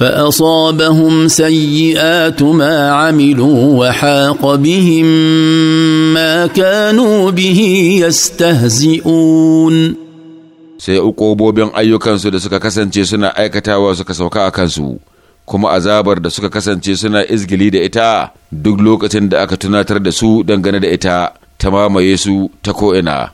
فاصابهم سيئات ما عملوا وحاق بهم ما كانوا به يستهزئون sai ƙobobin ayyukansu da suka kasance suna aikatawa suka sauka a kansu kuma azabar da suka kasance suna izgili da ita duk lokacin da aka tunatar da su dangane da ita ta mamaye su ta ko'ina